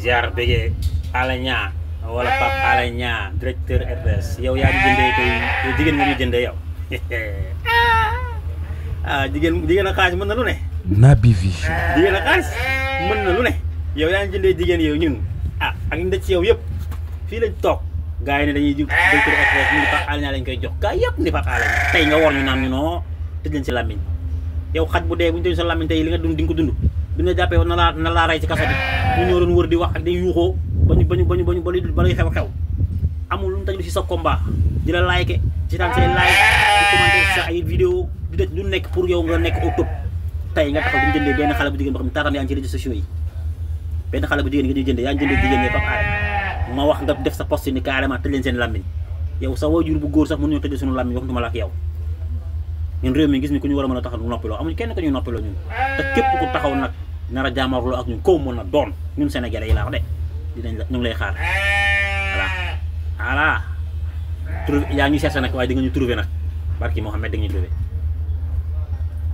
ziar bege alanya wala Pape alanya directeur rs yow ya di jende tey yow digen ah, ni jende yow ah digen digen na xaalis mën ne. nabi vi digen na xaalis mën na lu ne yow ya di jende digen yow ñun ah ak ñu ci yow yep fi lañ tok gaay yi ne dañuy directeur rs mu ni Pape Alé lañ koy jox gaay yep ni Pape alanya tay tey nga wor ñu naan ñu no tëj leen si yow xaj bu de bu ñu tëj sa làmmiñ tey li nga dund ding ko dund bi jappé na la na la ray ci kaso bi ñu ñoo doon wër di wax ak di yuxo bañu bañu bañu bañu ba ba luy xew xew amul lu tañu ci sa combat di la liké ci daan say like di commenter sa ay vidéo di def lu nekk pour yow nga nekk au top tay nga taxaw di jëndé ben xale bu digeen boo xam ne taataan ngi ci réseaux sociaux yi ben xale bu digeen nga di jëndé yaa ngi jëndee jigéen ñi fam ma wax nga def sa poste ni carrément tëj leen seen lamine yow sa wajur bu goor sax mën ñu tejj suñu lamine wax duma la ak yow ñun réew mi gis ni ku ñu wara mëna taxal a taxaw amuñ kenn ko ñu noppiloo ñun te képp ku taxaw nak nar a jaamarloo ak ñun ko mën a doon ñun sénégalais yi la wax dé dinañ la ñu lay xaar ala ala trouvé yaa ñu cherché nak way di nga ñu trouver nak barki mohammed di nga ñu trouver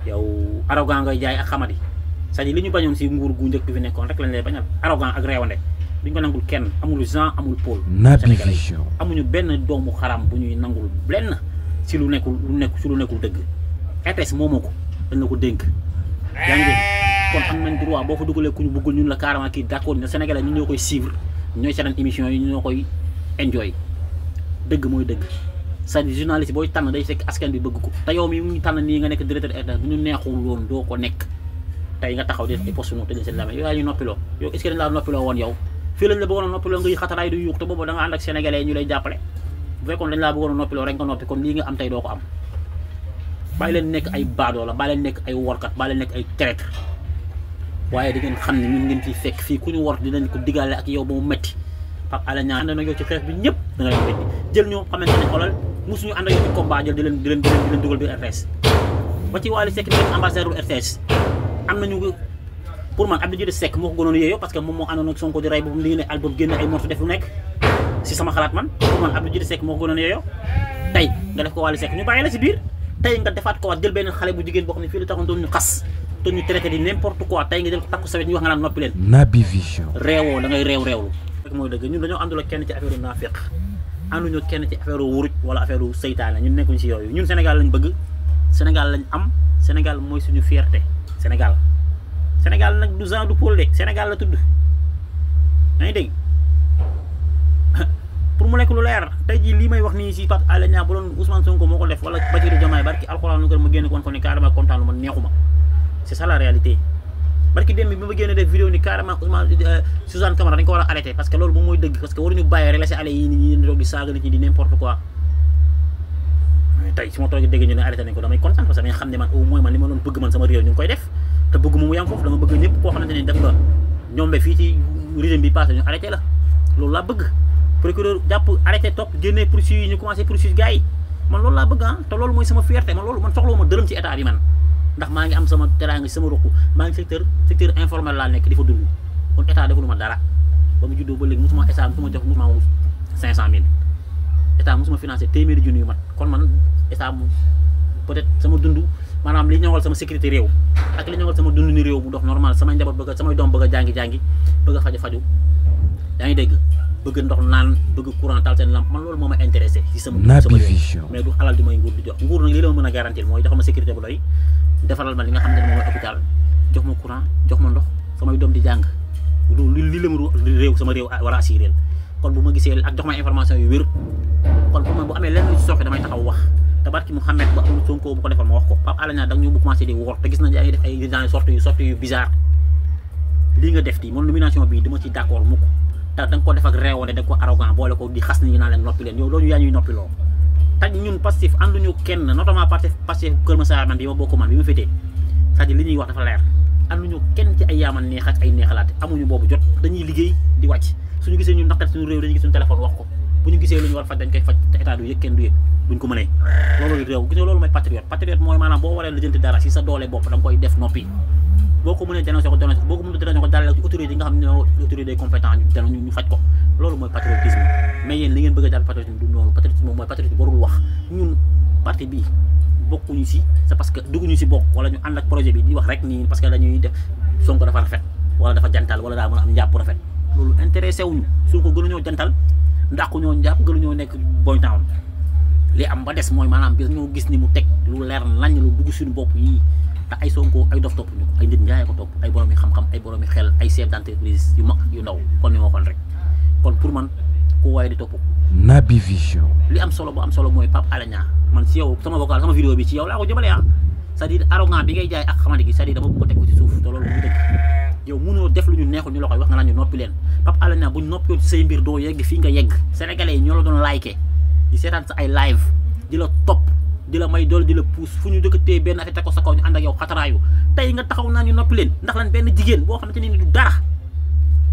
yow arrogant nga jaay ak xamadi cest li ñu bañoon ci nguur gu ñëk fi nekkon rek lañ lay bañal arrogant ak réewande duñ ko nangul kenn amul Jean amul Paul sénégalais yi amuñu benn doomu xaram bu ñuy nangul lenn ci lu nekkul lu nekk ci lu nekkul dëgg RTS momoko dañ la ko dénk jangé kon am nañ droit boo fa dugalee ku bëggul ñun la carama ki d'accord accord na Sénégalais ñu ñokoy koy suivre ñooy seetaan émission ñu ñokoy enjoy dëgg moy dëgg sa di journaliste boy tan day fekk askan bi bëgg ko ta yow mi mu ngi tànn nii nga nek directeur état bu ñu neexul woon do ko nek tay nga taxaw def ci poste mo tejé seen lame yow yaa nopi lo yow est ce que dañ nopi lo won yow fi lañ la nopi lo nga ngay xataraay du yuux te bobu da nga and ak sénégalais ñu lay jappalé bu fekkon dañ la bëggono nopi lo rek nga nopi kon li nga am tay do ko am bay leen nek ay bado la bay leen nek ay workat bay leen nek ay traître waye di ngeen xamni ñun ngeen fi fekk fi ku ñu war dinañ ko digalé ak yow ba mu metti Pape ala ñaan ànd na yow ci xeex bi ñepp da nga leen jël ñoo xamante xolal musu ñu and ak ci combat jël di leen di leen di leen dugal bi RFS ba ci walu Seck ambassadeur RFS am nañu pour man Abdou Diouf sek moko gënon yeyo parce que mom mo àndoon ak Sonko di ray bu li ne album genn ay morceau def lu nek si sama xalaat man pour man Abdou Diouf sek moko gënon yeyo tay nga def ko walu sek ñu bayila ci bir tay nga defat ko wat jël benn xalé bu jigen bo xamni fi la ñu xass te ñu traité di n'importe quoi tay nga jël ko takku sawet ñu wax nga naan nopi len nabi vision réewoo da ngay rew réewlu rek moy deug ñun dañu andul kenn ci affaire nafiq andu ñu kenn ci affaire wuruj wala affaire seytaane ñun nekkun ci yoyu ñun sénégal lañ bëgg sénégal lañ am sénégal moy suñu fierté sénégal sénégal nak du genre du pôle de sénégal la tudd ngay dégg pour mu nek lu leer tay ji lii may wax ni ci pat ala Niang bu doon Ousmane Sonko moko def wala Bassirou jamaay barki alcorane lu ko ma génn ko woon ko ni carrément kontanuma neexuma c'est ça la réalité barki dem bi ma génne def vidéo ni carrément Ousmane euh, Suzanne Camara dañ ko wara a arrêté parce que loolu mo moy dëgg parce que waruñu bàyyi rek la si ale yi ni ñi doog di saaga nit ñi di n'importe quoi tay ci mo toogee dégg ñu ne arrêté nañ ko damay content parce que dañ xamné man au moins man li ma doon bëgg man sama réew ñu koy def té bëgg mu yam fofu dama bëgg ñëpp ko xamante ne def nga ñombe fii ci régime bi passé ñu arrêté la loolu la bëgg procureur japp arrêté topp génnee poursuivre ñu commencé poursuivre gars yi man loolu la bëgg ah té loolu moy sama fierté man loolu man soxlo mo dërëm ci état bi man ndax ma ngi am sama teraanga sama roku ma ngi secteur secteur informel la nek difa dund kon état defuluma dara ba mu juddo ba leg musuma état musuma jox musuma 500000 état musuma financer témer juñu mat kon man état mu peut-être sama dundu manam li ñëwal sama sécurité réew ak li ñëwal sama dundu ni réew mu dox normal sama njabot bëgg sama dom bëgg jangi jangi bëgg a faju faju yaa ngi dégg bëgg ndox naan bëgg courant tal sen lampe man loolu moma intéressé ci sama sama mais du alal di may nguur di jox nguur nak li la mëna garantir moy dafa ma sécurité bu doy defaral ma li nga xam ne moom mooy hôpital jox ma courant jox ma ndox samay doom di jàng lu li la ma réew sama réew war a assuré kon bu ma gisee ak jox ma information yu wér kon bu ma bu amee lenn lu ci sooxe damay taxaw wax te barki Mouhamed bu amul Sonko bu ko defal ma wax ko Pape Alé Niang da nga ñëw bu commencé di woor te gis nañ ay def ay dans sorte yu sorte yu bizarre lii nga def di moom nomination bii dama ci d'accord mukk te da ko def ak taj ñun Pastef ànduñu kenn notamment Pastef Pastef Kër Massar man bi ma bokk man bi ma féetee cest à li ñuy wax dafa leer ànduñu kenn ci ay yaaman neex ak ay neexalaate amuñu boobu jot dañuy liggéey di wàcc suñu gisee ñu naqar suñu réew dañuy gis suñu téléphone wax ko bu ñu gisee lu ñu war faj dañ koy faj te état du yëg kenn du yëg duñ ko mënee loolu réew gis nga loolu mooy patriote patriote mooy maanaam boo waree lijjanti dara si sa doole bopp da boo ko mënee dénoncé ko dénoncé ko boo ne autorité ko a daal patriotisme du noonu bokkuñu si parce que dugguñu si bokk wala ñu ànd ak projet bi di wax rek nii parce que dañuy def Sonko dafa rafet wala dafa jantal wala daa mën am njàpp rafet loolu intéressé wuñu Sonko gënuñoo jantal ndax ku ñoo njàpp gënuñoo nekk boy town li am ba des mooy maanaam bi ñoo gis ni mu teg lu leer nañ lu dugg suñu bokk yii ta ay Sonko ay dof topp ñuko ay nit ñay ko top ay mi xam-xam ay boroomi xel ay chef d'entreprise yu mag yu ndaw kon ni mo rek kon pour man ku way di topp nabi Vision li am solo bu am solo moy pap alanya man ci yow sama vocal sama vidéo bi ci yow la ko jëmale ha ah. c'est-à-dire arrogant bi ngay jaay ak xamante gi c'est-à-dire dama bu ko tek ci suuf te loolu mu yow mënoo def lu ñu neexul ñu la koy wax nga naan ñu noppi leen Pape bu ñu ci say mbir do yegg fi nga yegg sénégalais ñoo la doon liké di sétane sa ay live di la top dila may dol dila pus puus fu ñu dëkkatee benn affaire teg sa kaw ñu ànd ak yow xataraayu tay nga taxaw na ñu nopi leen ndax lan ben jigen bo xamanteni ni du dara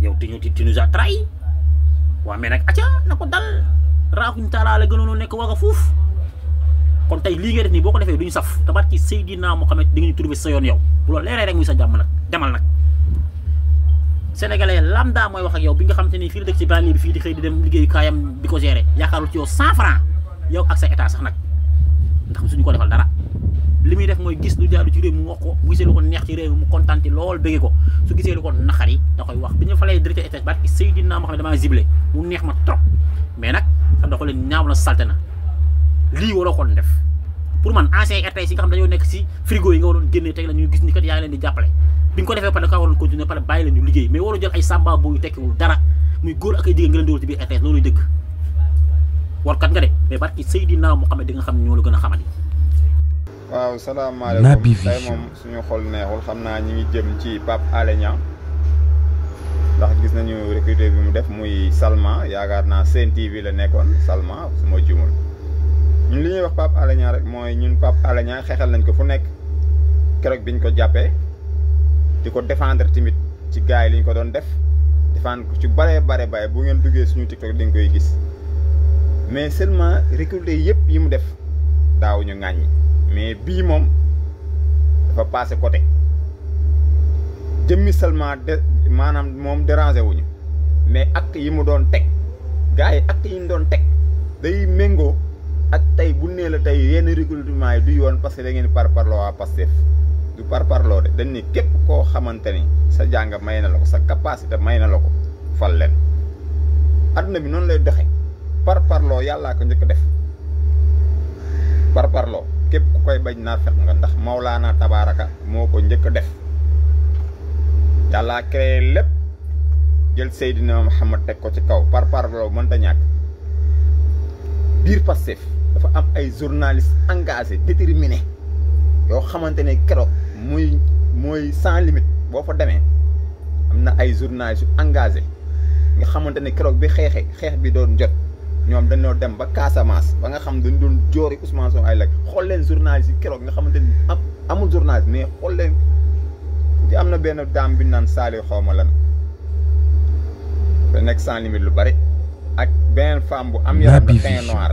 yow ti ñu ti ñu za trahi wa me nak aca nako dal raaxuñ taala la gënoonoo nek waga fuf kon tay li ngay def ni boko defé duñu saf tabaat ci sayidina muhammad di ngi ñu sa yoon yow bu lo leeree rek muy sa jamm nak jamal nak sénégalais lambda moy wax ak yow bi nga xamanteni fi dëkk ci bani bi fi di xey di dem liggéey kayam di géré yaakarul ci yow 100 francs yow ak sa état sax nak ndax suñu ko defal dara limi def moy gis lu jaadu ci rew mu wax ko bu gisee lu ko neex ci rew mu kontaan lol lool ko su gisee lu ko nakari da koy wax biñu falay dirité état barki sayyidina mohammed dama ziblé mu neex ma trop mais nak sa doxale ñaaw na salté na li waroo ko def pour man ancien RTS yi nga xam dañu nekk ci frigo yi nga waroon génne tek la ñuy gis ni kat yaa ngi leen di jappalé biñ ko défé pa da ko waroon continuer pare bàyyi la ñu liggéey mais waroo jël ay samba bu booyu tekkiwul dara muy goor ak ay jigéen nga leen dugal ci bi RTS loolu dëgg warkat nga de mais barki seydina muhammad di nga xam ne ñoo la gën xamali waaw salaamaaleykum tey moom suñu xol neexul xam ñi ngi jëm ci ndax gis nañu bi mu def muy Salma yaakaar naa Sen TV la Salma su jumul ñun li ñuy wax Pape Alé rek mooy ñun Pape nañ ko fu nekk biñ ko di défendre tamit ci gars ko doon def défendre ko ci bare bare bare bu ngeen suñu TikTok di nga gis mais seulement reculer yep yi def def ñu ŋàññi mais bii moom dafa passer côté jëmmi seulement de maanaam moom dérangé wuñu mais acte yi mu doon teg gars yi acte yi mu doon teg day mengo ak tay bu nee la tey recrutement yi du yoon parce que da ngeen par parlo waa Pastef du par parlo de dañ ne kep ko xamante ni sa jàng may sa capacité may na fal leen aduna bi non lay doxe par parloo yàllaa ko njëkk def par parloo képp ku koy bañ naa fekk nga ndax naa Tabaaraka moo ko njëkk def yàllaa créé lépp jël Seydina Muhammad teg ko ci kaw par parloo mënta ñàkk biir Pastef dafa am ay journalistes engagés déterminés yoo xamante ne keroog muy mooy sans boo fa demee am na ay journalistes yu engagé nga xamante ne keroog bi xeexee xeex bi doon jot. ñoom dañoo dem ba Casamance ba nga xam dañ doon joori Ousmane Sonko ay lekk xool leen journaliste yi keroog nga xamante ni am amul journaliste mais xool leen di am na benn daam bi naan saali xaw ma lan da nekk sans limite lu bari ak benn femme bu am yaram na teint noir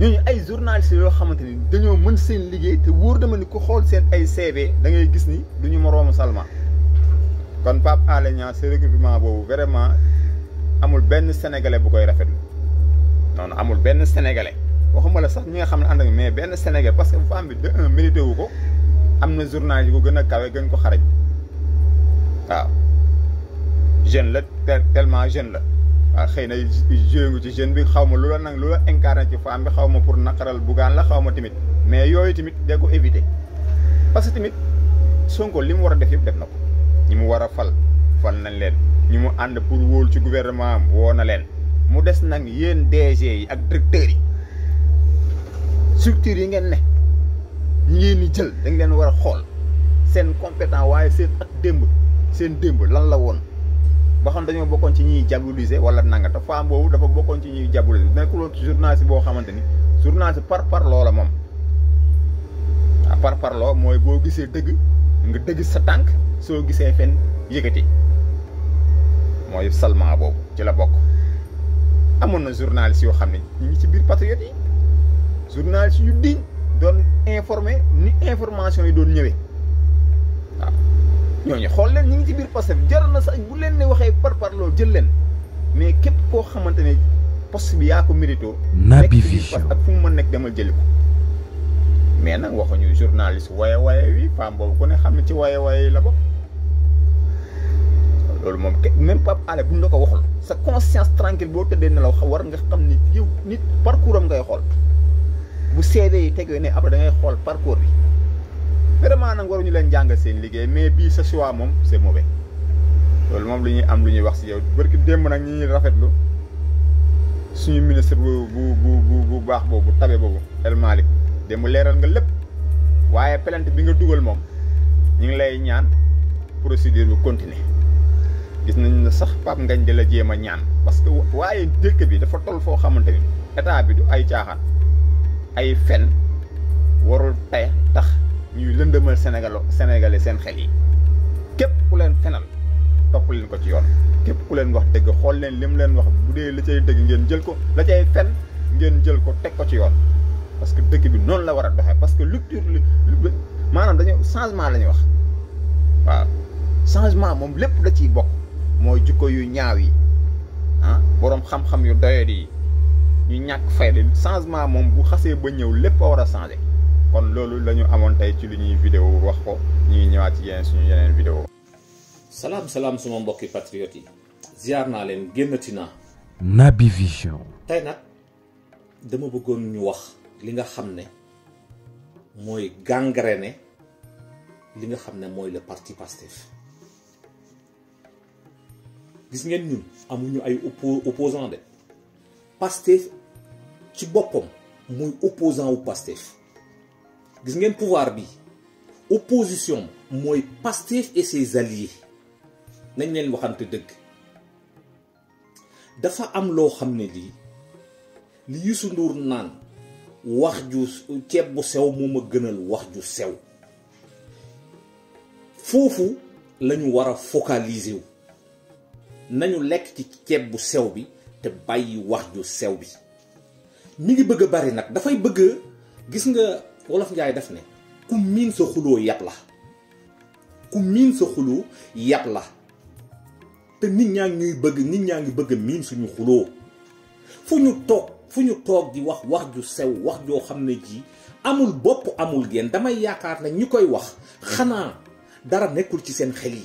ñooñu ay journaliste yoo xamante ni dañoo mën seen liggéey te wóor dama ni ku xool seen ay CV da ngay gis ni du ñu moroomu Salma kon Pape Alé Niang sa recrutement boobu vraiment amul benn sénégalais bu koy rafetlu noonu amul benn sénégalais waxuma la sax ñi nga xam ne ànd ak mais benn sénégalais parce que femme bi de un mérité wu ko am na journal yi ko gën a kawe gën ko xarañ waaw jeune la tellement jeune la waaw xëy na joué ngu ci jeune bi xaw ma lu la nag lu la incarné ci femme bi xaw ma pour naqaral bugaan la xaw ma tamit mais yooyu tamit da ko éviter parce que tamit Sonko li mu war a def yëpp def na ko ñi mu war a fal fal nañ leen ñi mu ànd pour wóolu ci gouvernement am na leen mu des nag yéen DG yi ak directeurs yi structures yi ngeen ne ñi ngeen di jël da ngeen war a xool seen compétent waaye seen ak démb seen démb lan la woon boo xam dañoo bokkoon ci ñuy diaboliser wala nanga te femme boobu dafa bokkoon ci ñuy diaboliser nekkuloon ci journaliste boo xamante ni journaliste par par loo la moom ah par par loo mooy boo gisee dëgg nga dëgg sa tànk soo gisee fen yëkkati mooy salma boobu ci la bokk amoon journaliste yo xamné ñi ngi ci biir patriote yi journaliste yu diñ doon informé ni information yi doon ñëwé ñoo ñi xol leen ñi ngi ci biir poste jaroon na sax bu leen ne waxee par parloo jël leen mais képp ko xamantene poste bi ya ko mérito. Naby Vision ak fu mu mën demal jël ko mais nag waxuñu journaliste waye waye wi fam bobu ku ne xamni ci waye waye la bokk loolu mom même Pape Alé buñ la ko waxul. sa conscience tranquille boo tëddee nelaw war nga xam ni yow nit parcours am ngay xool bu CV yi tegee ne après dangay ngay xool parcours bi vraiment nag waruñu leen jàngal seen liggéey mais bii sa choix moom c'est mauvais loolu moom lu ñuy am lu ñuy wax si yow barki démb nag ñu ñuy rafetlu suñu ministre bu bu bu bu baax boobu tabe boobu El Malick démb leeral nga lépp waaye plainte bi nga dugal moom ñu ngi lay ñaan procédure bi continuer gis nañ ne sax Pape Ngagne da la jéem a ñaan parce que waaye dëkk bi dafa toll foo xamante ni état bi du ay caaxaan ay fen warul te tax ñuy lëndëmal Sénégal Sénégalais seen xel yi képp ku leen fenal topp leen ko ci yoon képp ku leen wax dëgg xool leen li mu leen wax bu dee la cay dëgg ngeen jël ko la cay fen ngeen jël ko teg ko ci yoon parce que dëkk bi noonu la war a doxee parce que rupture maanaam dañu changement la ñuy wax waaw changement moom lépp da ciy bokk moy jikko yu ñaaw yi ah xam-xam yu doyadi ñu changement mom bu xasse ba a changer kon lolu la tay ci vidéo wax ko ci suñu yeneen vidéo suma mbokki ziar na leen gennatina Nabi Vision tay nak dama bëggoon ñu wax li nga xamne moy le parti pastif gis ngeen ñun amuñu ay opposant de Pastef ci bopom moy opposant ou Pastef gis ngeen pouvoir bi opposition moy Pastef et ses alliés nañ leen waxante deug dafa am lo xam li li Youssou Ndour nan wax ju ceeb bu sew moma gënal wax ju sew lañu focaliser nañu lek ci ceeb bu sew bi te bàyyi wax ju sew bi mi ngi bëgg bari nak da fay bëgg gis nga wolof njaay daf ne ku min so xulu yàpp la ku min so xulu yàpp la te nit ñaa ngi ñuy bëgg nit ñaa ngi bëgg min suñu xulu fuñu tok fuñu tok di wax wax ju sew wax jo xam ji amul bop, amul gen, damay yaakaar ne ñukoy wax xana dara nekkul ci seen xel yi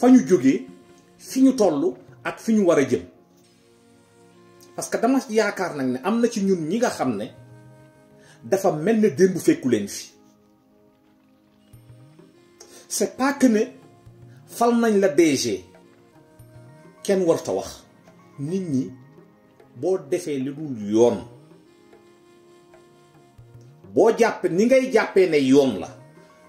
fa ñu jógee fi ñu toll ak fi ñu war a jëm parce que dama yaakaar nag ne am na ci ñun ñi nga xam ne dafa mel ne démb fekku leen fi c'est pas que ne fal nañ la DG kenn war warta wax nit ñi boo defee li dul yoon boo jàpp ni ngay jàppee ne yoon la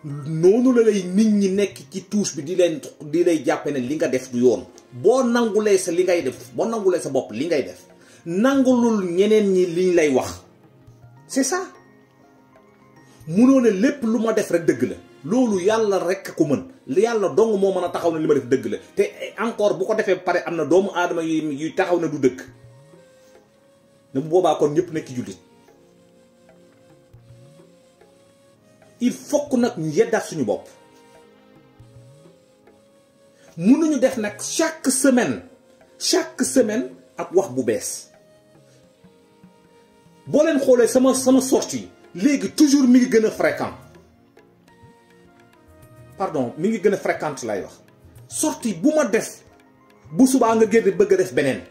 noonu la lay nit ñi nekk ci tuus bi di leen di lay jàppe ne li nga def du yoon boo nangulee sa li ngay def boo nangulee sa bopp li ngay def nangulul ñeneen ñi liñ lay wax c'est ça munoo ne lépp lu ma def rek dëgg la loolu yàlla rek ko mën yàlla dong moo mën a taxaw ne li ma def dëgg la te encore bu ko defee pare am na doomu aadama yuy taxaw na du dëkk ne bu boobaa kon ñëpp nekk jullit il faut que nag ñu yeddaat suñu nous nous def nag chaque semaine chaque semaine à wax bu bees boo leen xoolee sama sama sortie toujours mi ngi gën fréquent pardon mi ngi gën là fréquente lay wax sortie bu ma def bu subaa nga génn bëgg def beneen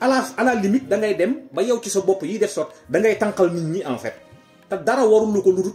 à la limite da ngay dem ba yow ci sa bopp yi def sort da ngay tànqal nit ñi en fait t'as dara warul lu ko ludut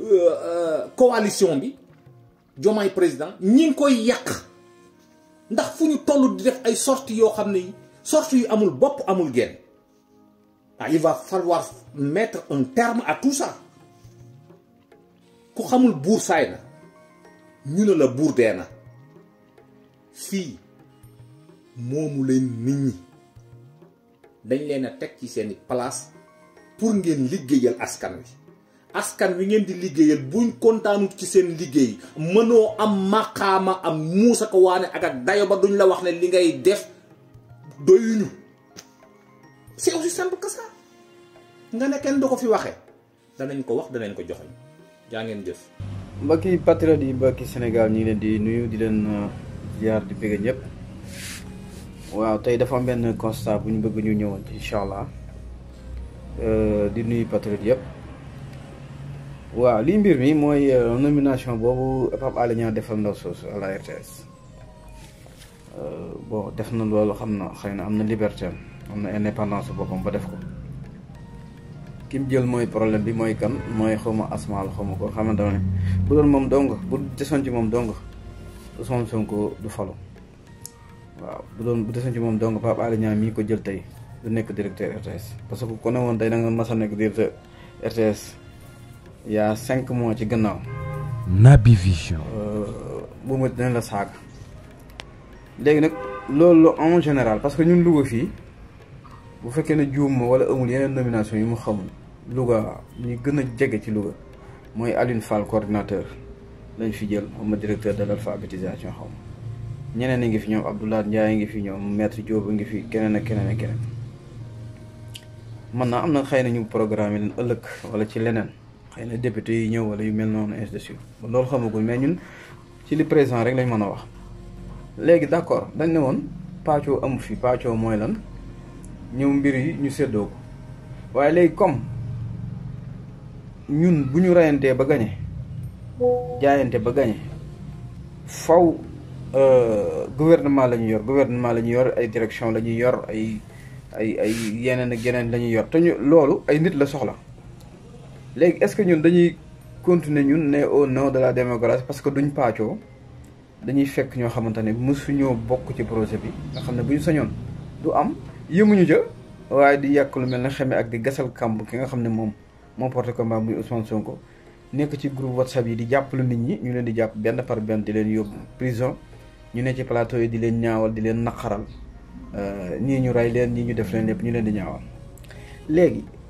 Euh, euh, coalition bi président ñi koy yak ndax fu ñu di def ay sorties amul amul ah, il va falloir mettre un terme à tout ça ku xamul ñu la na leen nit ñi dañ a ci place pour ngeen askan askan wi ngeen di liggéeyal buñ kontaanut ci seen liggey mënoo am maqama am musa ko waane ak ak dayo ba duñ la wax ne li ngay def doyuñu c'est aussi simple que ça nga ne kenn du ko fi waxee danañ ko wax danañ ko joxañ ja ngeen def mbokki patriote yi mbokki senegal ñi leen di nuyu di leen euh, ziar di bëgg ñep waaw tay dafa am ben constat buñ bëgg ñu ñëwoon inshallah allah euh, di nuyu patriote yëpp waaw lii mbir mi mooy euh, nomination boobu Pape Alé defal ndaw soosu à RTS euh, bon def na loolu xam na xëy na am na liberté am na indépendance boppam ba def ko ki jël mooy problème bi mooy kan mooy xawma asmaal xawma ko xamante ne bu doon moom dong bu desoon ci moom dong Ousmane Sonko du falo waaw bu doon bu desoon ci moom dong Pape Alé Niang mii ko jël tey du nekk directeur RTS parce que ku ne woon tey da nga mas a nekk directeur RTS il y a cinq mois ci suis Nabi Vision. suis venu à la en général parce que ñun Louga ici.. bu wala amul yeneen nomination mu Louga Aline Fall coordinateur lañ fi jël directeur de l'alphabétisation. xaw ñeneen Ndiaye maître Diop ngi fi keneen ak keneen ak keneen man programme leen wala ci xëy na député yi ñëw wala yu mel noonu ainsi de suite loolu xamagul mais ñun ci li président rek lañ mën a wax léegi d'accord dañ ne woon pàccoo amu fi pàccoo mooy lan ñëw mbir yi ñu séddoo ko waaye léegi comme ñun bu ñu rayantee ba gañe jaayante ba gañe faw euh, gouvernement la ñuy yor gouvernement la ñuy yor ay direction la ñuy yor ay ay ay yeneen ak yeneen la yor te ñu loolu ay nit la soxla léegi est-ce que ñun dañuy continuer ñun ne au nom de la démocratie parce que duñ paacoo dañuy fekk ñoo xamante ne suñoo bokk ci projet bi nga xam ne bu ñu sañoon du am yëmuñu jë waaye di yàq lu mel ne xeme ak di gasal kàmb ki nga xam ne moom moo porté combat muy Ousmane Sonko nekk ci groupe WhatsApp yi di jàppale nit ñi ñu leen di jàpp benn par benn di leen yóbbu prison ñu ne ci plateau yi di leen ñaawal di leen naqaral nii euh, ñu rey leen nii ñu def leen lépp ñu leen di ñaawal léegi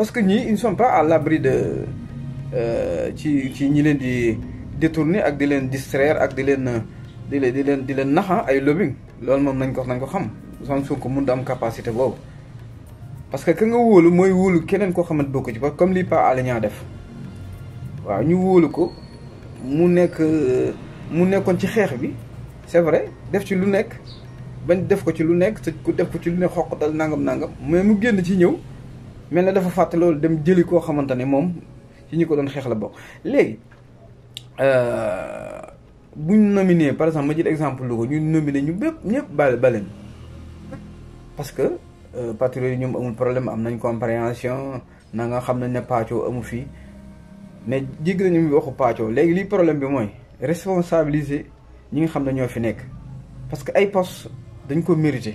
parce que ñii ils ne sont pas à l'abri de euh, ci ci ñi leen di détourner ak di leen distraire ak di leen di leen di leen di leen naxa ah, ay lobbying loolu moom nañ ko nañ ko xam Ousmane Sonko mun da capacité boobu parce que ka nga wóolu mooy wóolu keneen koo xamante bokk ci ba comme li pas à Niang def waaw ñu wolu ko mu nekk mu nekkon ci xex bi c'est vrai def ci lu nekk bañ def ko ci lu nekk te ku def ko ci lu nekk xoqatal nangam nangam mais mu genn ci ñew mel na dafa fàtte loolu dem jëli ko xamante mom ci ñi ko doon xex la bok bokk euh buñ nominé par exemple ma jël exemple Louga ñu nominé ñu bépp ñëpp bale baleen parce que euh patriote yi ñoom amul problème am nañ compréhension na nga xam ne ne patio amu fi mais jégg nañu mi waxu patio léegi li problème bi moy responsabiliser ñi nga xam na ñoo fi nekk parce que ay poste dañ ko mérité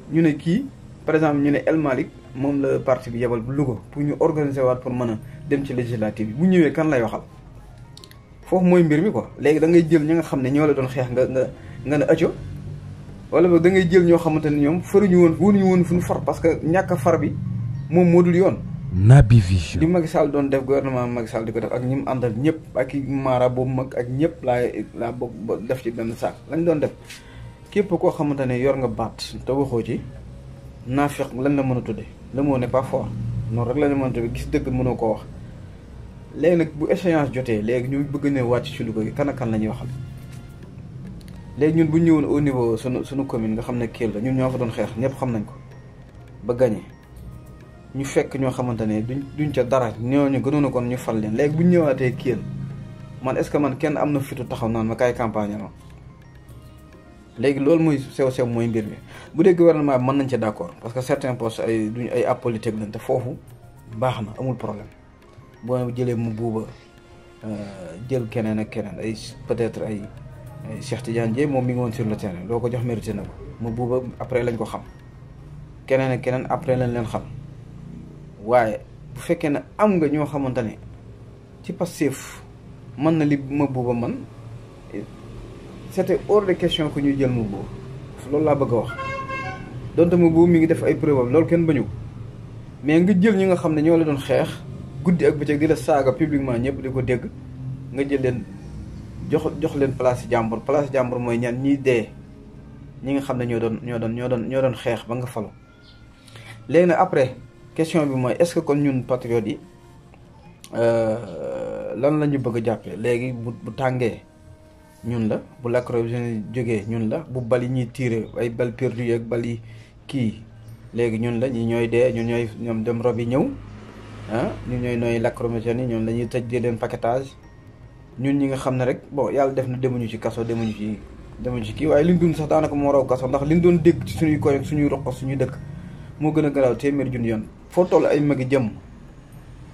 ñu ne kii par exemple ñu ne El moom la parti bi yebal bu Louga pour ñu organiser waat pour mën a dem ci législative bi bu ñëwee kan lay waxal foofu mooy mbir mi quoi léegi da ngay jël ñi nga xam ne ñoo la doon xeex nga nga nga ne aco wala boog da ngay jël ñoo xamante ne ñoom faruñu woon wóoruñu woon fu ñu far parce que ñàkk a far bi moom moo dul yoon. bii Vision. li Macky Sall doon def gouvernement Macky Sall di ko def ak ñi àndal ñëpp ak i maara boobu mag ak ñëpp laa laa bokk def ci benn saak lañ doon def. képp koo xamante ne yor nga baat te waxoo ci naafeq lan la mën a tudde le mot n'est pas fort noonu rek la mën a tudde gis dëgg mënoo koo wax léegi nag bu échéance jotee léegi ñu bëgg ne wàcc ci Louga gi kan ak kan la ñuy waxal ñun bu ñu ñëwoon au niveau sunu sunu commune nga xam ne Kell la ñun ñoo fa doon xeex ñëpp xam nañ ko ba gagné ñu fekk ñoo xamante ne duñ duñ ca dara ñooñu ñu a kon ñu fal leen léegi bu ñu ñëwaatee Kell man est-ce que man kenn am na fitu taxaw naan ma kaay léegi loolu mooy sew sew mooy mbir mi bu dee gouvernement bi mën nañ ci d'accord parce que certains postes ay duñ ay apolitique lañ te foofu baax na amul problème boo jëlee mu buuba euh, jël keneen ak keneen ay peut-être ay Cheikh moom mi ngi woon sur le terrain loo ko jox mérité na ko mu buuba après lañ ko xam keneen ak keneen après lañ leen xam waaye bu fekkee ne am nga ñoo xamante ne ci Pastef mën na li ma buuba man c'était hors de question que nous jël nous loolu laa bëgg a wax Nous avons mi ngi def ay mais nga jël ñi nga xam ne dit la doon xeex guddi ak la que publiquement ñëpp dit dégg nga jël jox jox place nous place de ñan avons ñi après question est-ce que nous, ñun patriotes quest euh, lan bëgg ñun la bu Lac Rose jógee ñun la bu bal yi ñuy tiire ay bal perdu yeeg bal yi kii léegi ñun la ñi ñooy dee ñun ñooy ñoom dem rob yi ñëw ah ñu ñooy nooy Lac Rose yi ñoom la ñuy tëj di leen paquetage ñun ñi nga xam ne rek bon yàlla def na demuñu ci kaso demuñu ci demuñu ci kii waaye liñ doon sax daanaka moo raw kaso ndax liñ doon dégg ci suñuy koy suñuy roq suñuy dëkk moo gën a garaaw téeméer junni yoon foo toll ay magi jëm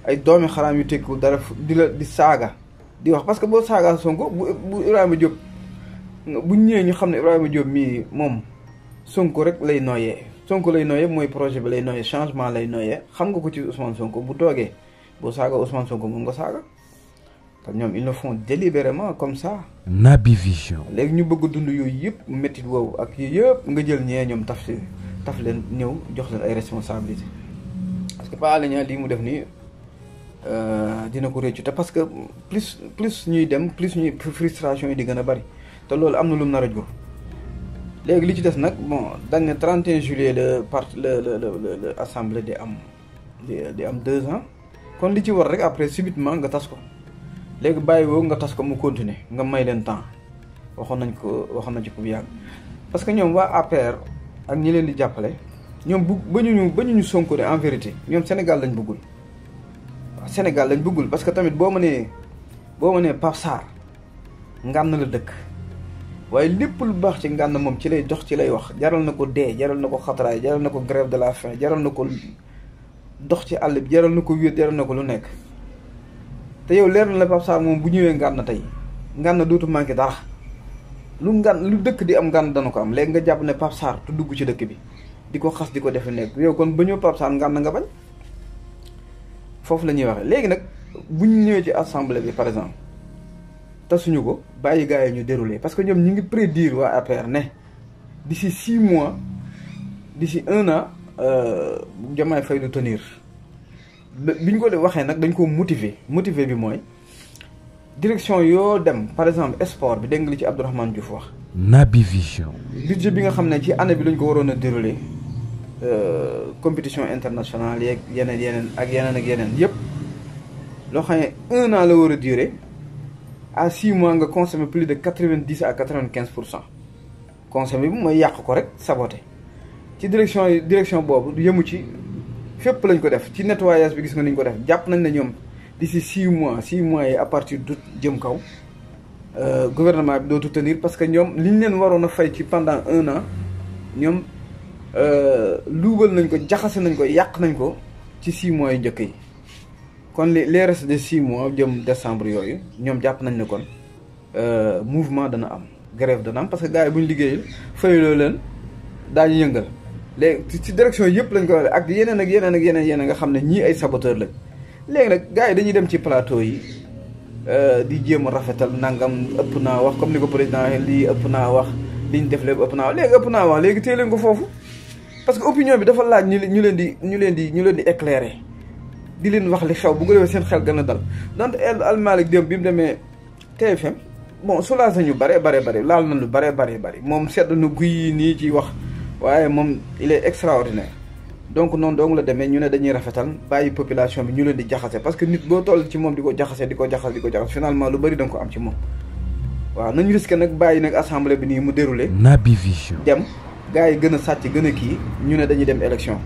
ay doomi xaraam yu tekku dara di la di saaga di wax parce que boo saagaa Sonko bu bu Ibrahima bu buñ ñëwee ñu xam ne Ibrahima Diop mii moom Sonko rek lay noyyee Sonko lay noyyee mooy projet bi lay noyyee changement lay noyyee xam nga ko ci Ousmane Sonko bu toogee boo saaga Ousmane Sonko moom nga saaga te ñoom ils le font délibérément comme ça. Naby Vision. léegi ñu bëgg dund yooyu yëpp métti woowu ak yii yëpp nga jël ñee ñoom taf si taf leen ñëw jox leen ay responsabilités parce que Paa la lii mu def Euh, dina ko réccu te parce que plus plus ñuy dem plus ñuy frustration yi di gën a bari te loolu am na lu mu nar léegi li ci des nag bon dañ ne 31 juillet le part le le le assemblée di am di am deux ans kon li ci war rek après subitement nga tas ko léegi bàyyi woo nga tas ko mu continuer nga may leen temps waxoon nañ ko waxoon nañ ci ko bu yàgg parce que ñoom waa APR ak ñi leen di jàppale ñoom bu bañuñu bañuñu Sonko de en vérité ñoom Sénégal lañ bëggul Senegal lañ bëggul parce que tamit boo ma nee boo ma nee Pape Sarr ngànn la dëkk waaye lépp lu baax ci ngànn moom ci lay jox ci lay wax jaral na ko dee jaral na ko xatraay jaral na ko grève de la faim jaral na ko dox ci àll bi jaral na ko jaral na ko lu nekk te yow leer na la pap sar moom bu ñëwee ngànn tey ngànn dootu manqué dara lu lu dëkk di am ngànn dana ko am léegi nga jàpp ne pap sar tu dugg ci dëkk bi di ko xas di ko defe nekk yow kon ba ñëw Pape Sarr ngànn nga bañ foofu lañuy ñuy légui nak nag ñëwé ci assemblée bi par exemple tasuñu ko bàyyi gaay ñu déroulé parce que ñom ñi ngi prédire wa APR né d'ici 6 mois d'ici 1 an euh Diomaye fay du tenir biñ ko ko waxé nak dañ ko motiver motiver bi moy direction yo dem par exemple sport bi dégg li ci Abdourahmane Diouf wax. Nabi Vision. budget bi nga xamné ci année bi luñ ko waroon a déroulé. Euh, compétition internationale yenen yenen ak yenen ak un an à six mois nga plus de 90 à 95% bi direction direction ci lañ ko def ci nettoyage d'ici six mois six mois à partir euh, gouvernement bi tenir parce que ñom liñ leen pendant un an Euh, luubal nañ ko jaxase nañ ko yàq nañ ko ci six mois yu njëkk yi kon les les restes de six mois jëm décembre yooyu ñoom jàpp nañ ne kon euh, mouvement dana am grève dana am parce que gars yi bu ñu liggéeyul fayuloo leen daañu yëngal léegi ci direction yëpp lañ ko waxee ak yeneen ak yeneen ak yeneen yeneen nga xam ne ñii ay saboteur lañ léegi nag gars yi dañuy dem ci plateau yi euh, di jéem a rafetal nangam ëpp naa wax comme ni ko président lii ëpp naa wax liñ def lépp ëpp naa wax ëpp naa wax léegi téye leen ko foofu. parce que opinion bi dafa laaj ñu ñu leen di ñu leen di ñu leen di éclairer di leen wax li xew bu ko seen xel gëna dal donc El al malik dem bi mu demee TFM bon soulage nañu bare bare bare laal nañu bare bare bare mom sedd na guy nii ci wax waye mom il est extraordinaire donc non donc la demee ñu né dañuy rafetal bàyyi population bi ñu leen di jaxase parce que nit bo toll ci mom diko ko diko di diko jaxase finalement lu bari da nga ko am ci mom waaw nañu risqué nak bàyyi nak assemblée bi ni mu déroulé. nabi Vision dem. gars yi gën a sàcc gën a kii ñu ne dañuy dem élection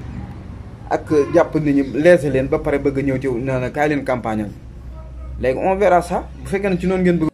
ak jàpp nit ñi leese leen ba pare bëgg a ñëw ci na na kaay leen campagne léegi on verra bu fekkee ne ci noonu ngeen bëgg